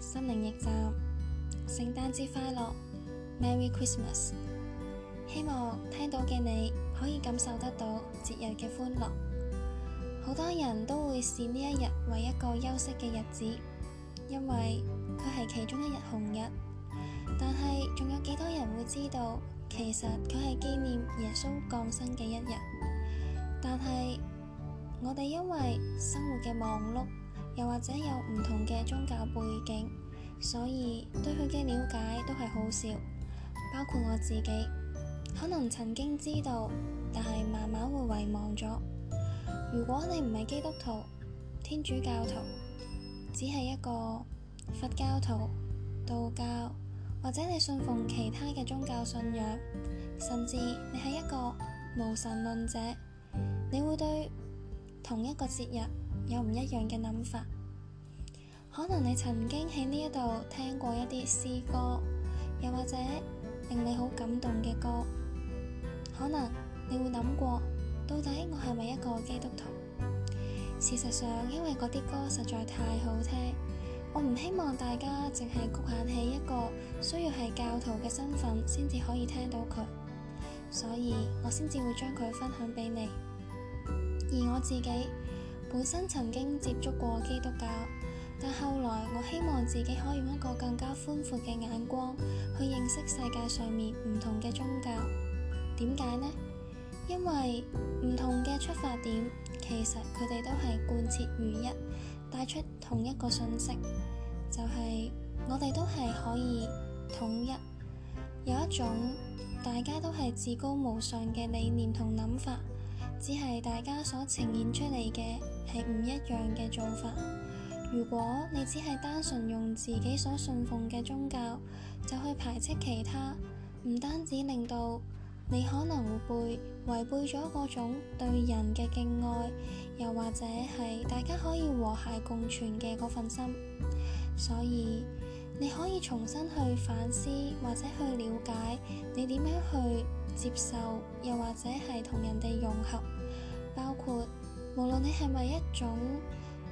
心靈驛站，聖誕節快樂，Merry Christmas！希望聽到嘅你可以感受得到節日嘅歡樂。好多人都會視呢一日為一個休息嘅日子，因為佢係其中一日紅日。但係仲有幾多人會知道，其實佢係紀念耶穌降生嘅一日。但係我哋因為生活嘅忙碌。又或者有唔同嘅宗教背景，所以對佢嘅了解都係好少，包括我自己，可能曾經知道，但係慢慢會遺忘咗。如果你唔係基督徒、天主教徒，只係一個佛教徒、道教，或者你信奉其他嘅宗教信仰，甚至你係一個無神論者，你會對同一個節日。有唔一樣嘅諗法，可能你曾經喺呢一度聽過一啲詩歌，又或者令你好感動嘅歌，可能你會諗過，到底我係咪一個基督徒？事實上，因為嗰啲歌實在太好聽，我唔希望大家淨係局限喺一個需要係教徒嘅身份先至可以聽到佢，所以我先至會將佢分享俾你，而我自己。本身曾經接觸過基督教，但後來我希望自己可以用一個更加寬闊嘅眼光去認識世界上面唔同嘅宗教。點解呢？因為唔同嘅出發點，其實佢哋都係貫徹如一，帶出同一個信息，就係我哋都係可以統一。有一種大家都係至高無上嘅理念同諗法，只係大家所呈現出嚟嘅。係唔一樣嘅做法。如果你只係單純用自己所信奉嘅宗教，就去排斥其他，唔單止令到你可能會背違背咗嗰種對人嘅敬愛，又或者係大家可以和諧共存嘅嗰份心。所以你可以重新去反思，或者去了解你點樣去接受，又或者係同人哋融合，包括。無論你係咪一種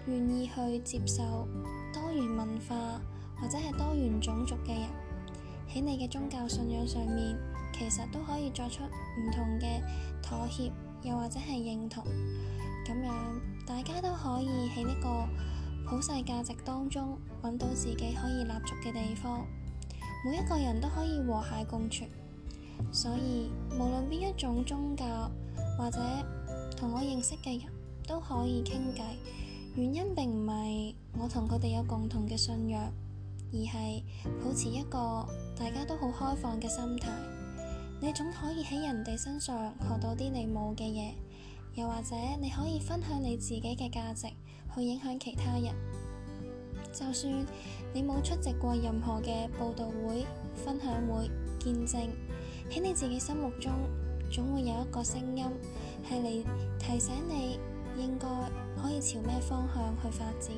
願意去接受多元文化或者係多元種族嘅人，喺你嘅宗教信仰上面，其實都可以作出唔同嘅妥協，又或者係認同咁樣，大家都可以喺呢個普世價值當中揾到自己可以立足嘅地方，每一個人都可以和諧共存。所以無論邊一種宗教或者同我認識嘅人。都可以傾偈，原因並唔係我同佢哋有共同嘅信仰，而係保持一個大家都好開放嘅心態。你總可以喺人哋身上學到啲你冇嘅嘢，又或者你可以分享你自己嘅價值去影響其他人。就算你冇出席過任何嘅報道會、分享會、見證，喺你自己心目中總會有一個聲音係嚟提醒你。應該可以朝咩方向去發展？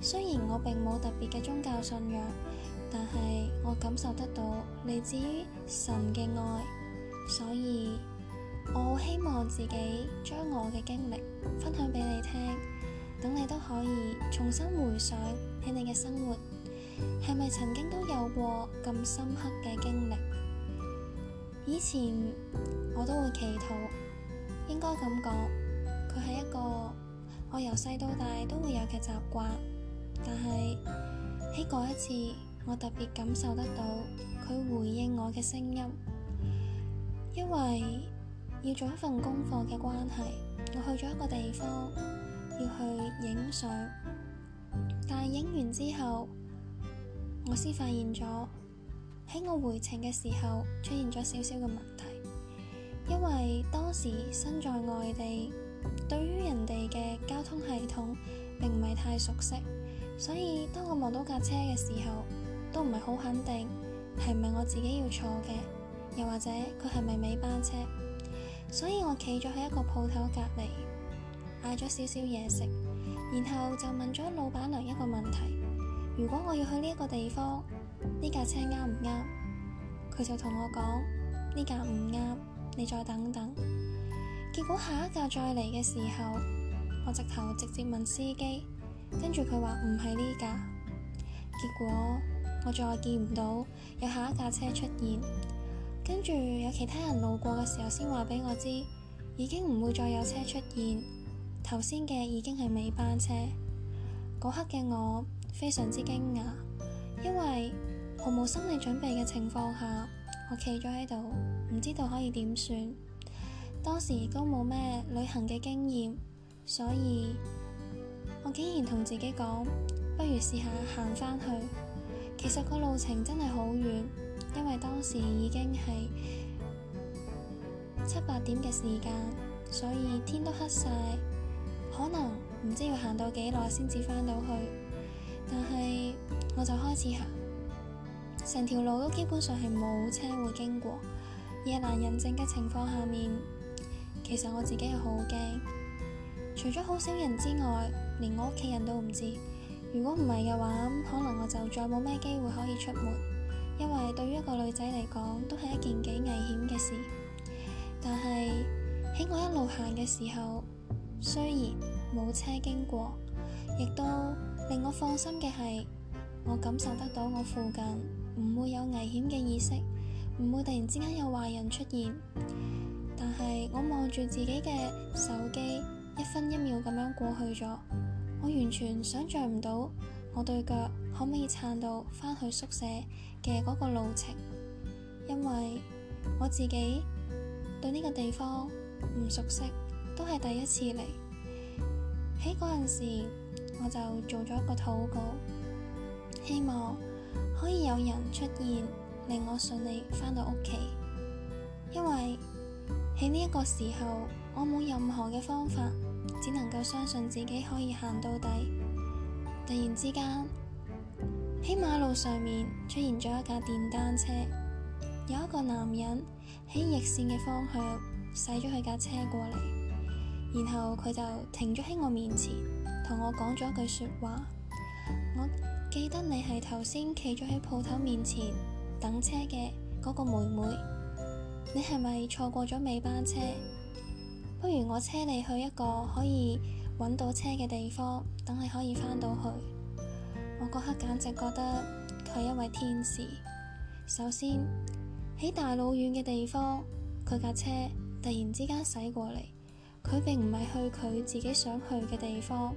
雖然我並冇特別嘅宗教信仰，但係我感受得到嚟自於神嘅愛，所以我好希望自己將我嘅經歷分享俾你聽，等你都可以重新回想起你嘅生活，係咪曾經都有過咁深刻嘅經歷？以前我都會祈禱，應該咁講。佢係一個我由細到大都會有嘅習慣，但係喺嗰一次，我特別感受得到佢回應我嘅聲音，因為要做一份功課嘅關係，我去咗一個地方要去影相，但係影完之後，我先發現咗喺我回程嘅時候出現咗少少嘅問題，因為當時身在外地。對於人哋嘅交通系統並唔係太熟悉，所以當我望到架車嘅時候，都唔係好肯定係唔係我自己要坐嘅，又或者佢係咪尾班車。所以我企咗喺一個鋪頭隔籬，嗌咗少少嘢食，然後就問咗老闆娘一個問題：如果我要去呢一個地方，呢架車啱唔啱？佢就同我講：呢架唔啱，你再等等。結果下一架再嚟嘅時候，我直頭直接問司機，跟住佢話唔係呢架。結果我再見唔到有下一架車出現，跟住有其他人路過嘅時候先話畀我知，已經唔會再有車出現。頭先嘅已經係尾班車。嗰刻嘅我非常之驚訝，因為毫無心理準備嘅情況下，我企咗喺度，唔知道可以點算。當時都冇咩旅行嘅經驗，所以我竟然同自己講，不如試下行翻去。其實個路程真係好遠，因為當時已經係七八點嘅時間，所以天都黑晒，可能唔知要行到幾耐先至翻到去。但係我就開始行，成條路都基本上係冇車會經過，夜闌人靜嘅情況下面。其實我自己又好驚，除咗好少人之外，連我屋企人都唔知。如果唔係嘅話，可能我就再冇咩機會可以出門，因為對於一個女仔嚟講，都係一件幾危險嘅事。但係喺我一路行嘅時候，雖然冇車經過，亦都令我放心嘅係，我感受得到我附近唔會有危險嘅意識，唔會突然之間有壞人出現。但係我望住自己嘅手機，一分一秒咁樣過去咗，我完全想象唔到我對腳可唔可以撐到翻去宿舍嘅嗰個路程，因為我自己對呢個地方唔熟悉，都係第一次嚟。喺嗰陣時，我就做咗一個禱告，希望可以有人出現令我順利翻到屋企，因為。喺呢一個時候，我冇任何嘅方法，只能夠相信自己可以行到底。突然之間，喺馬路上面出現咗一架電單車，有一個男人喺逆綫嘅方向駛咗佢架車過嚟，然後佢就停咗喺我面前，同我講咗一句說話。我記得你係頭先企咗喺鋪頭面前等車嘅嗰個妹妹。你係咪錯過咗尾班車？不如我車你去一個可以搵到車嘅地方，等你可以返到去。我嗰刻簡直覺得佢係一位天使。首先，喺大老遠嘅地方，佢架車突然之間駛過嚟，佢並唔係去佢自己想去嘅地方，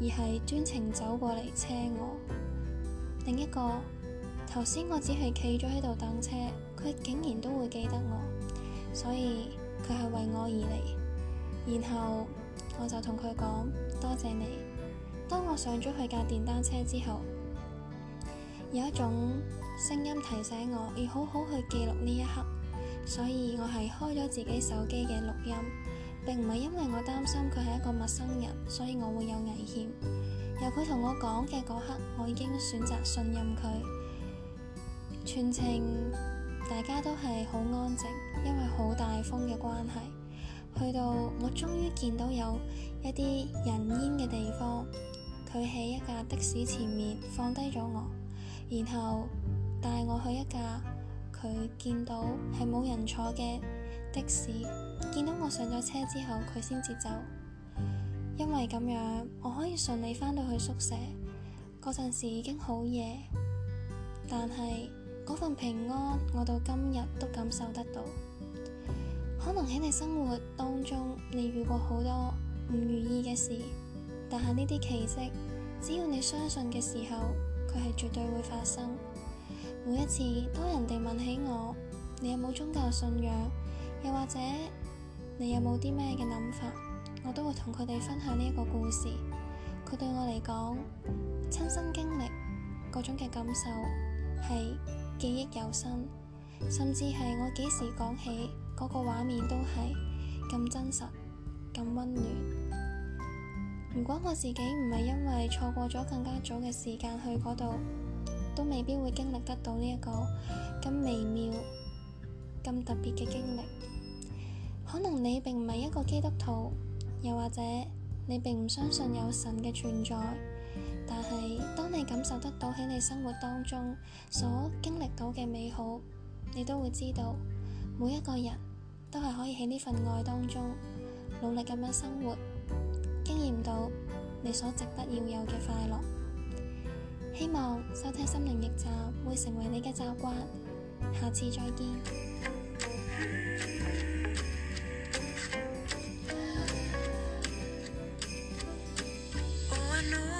而係專程走過嚟車我。另一個，頭先我只係企咗喺度等車。佢竟然都會記得我，所以佢係為我而嚟。然後我就同佢講多謝你。當我上咗佢架電單車之後，有一種聲音提醒我要好好去記錄呢一刻，所以我係開咗自己手機嘅錄音。並唔係因為我擔心佢係一個陌生人，所以我會有危險。由佢同我講嘅嗰刻，我已經選擇信任佢，全程。大家都係好安靜，因為好大風嘅關係。去到我終於見到有一啲人煙嘅地方，佢喺一架的士前面放低咗我，然後帶我去一架佢見到係冇人坐嘅的，的士。見到我上咗車之後，佢先至走。因為咁樣，我可以順利返到去宿舍。嗰陣時已經好夜，但係嗰份平安，我到今日都感受得到。可能喺你生活當中，你遇過好多唔如意嘅事，但係呢啲奇蹟，只要你相信嘅時候，佢係絕對會發生。每一次，當人哋問起我，你有冇宗教信仰，又或者你有冇啲咩嘅諗法，我都會同佢哋分享呢個故事。佢對我嚟講，親身經歷各種嘅感受，係。記憶猶新，甚至係我幾時講起嗰個畫面都係咁真實、咁溫暖。如果我自己唔係因為錯過咗更加早嘅時間去嗰度，都未必會經歷得到呢一個咁微妙、咁特別嘅經歷。可能你並唔係一個基督徒，又或者你並唔相信有神嘅存在。但係，當你感受得到喺你生活當中所經歷到嘅美好，你都會知道，每一個人都係可以喺呢份愛當中努力咁樣生活，經驗到你所值得要有嘅快樂。希望收聽心靈驛站會成為你嘅習慣，下次再見。Oh no.